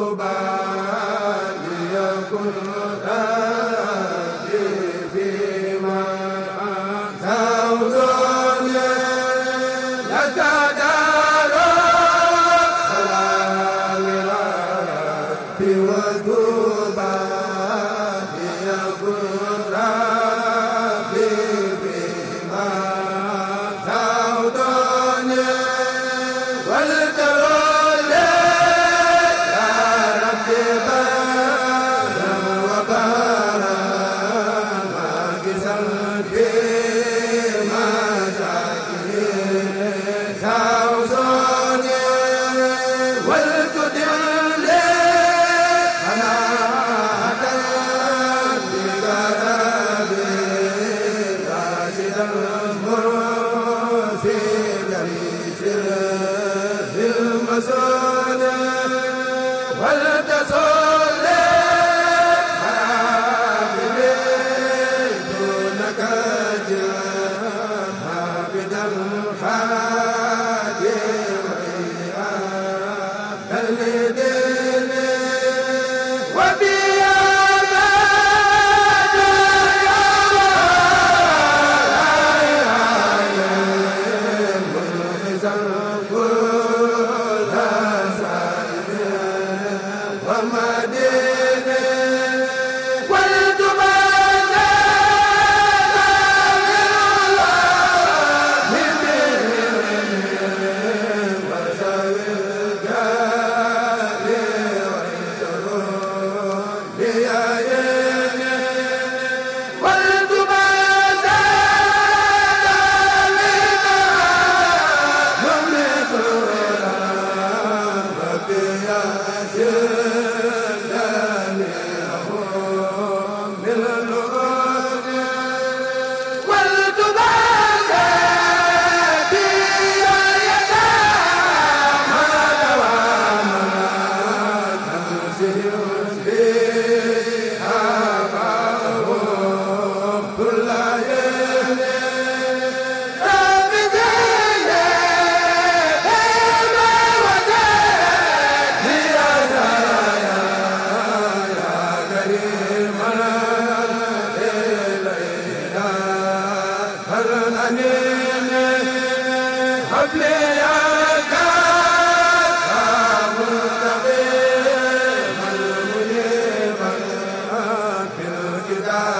Tuuba la Muhammadin daa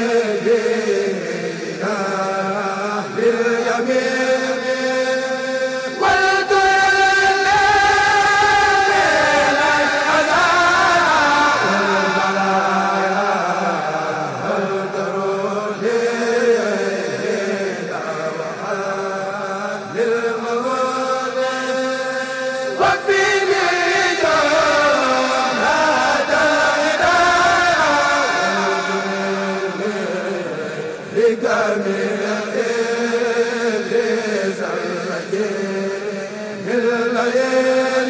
la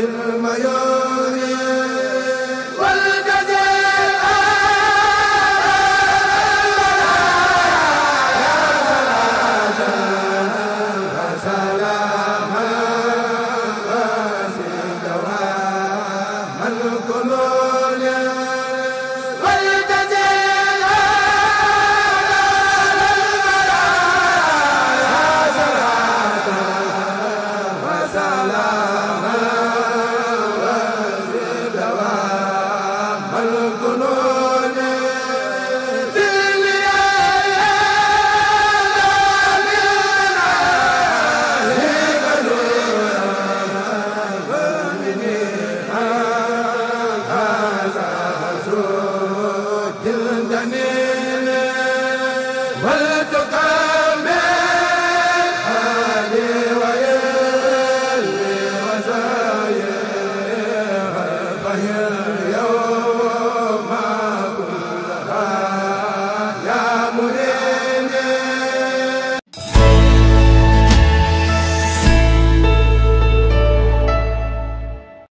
الميادين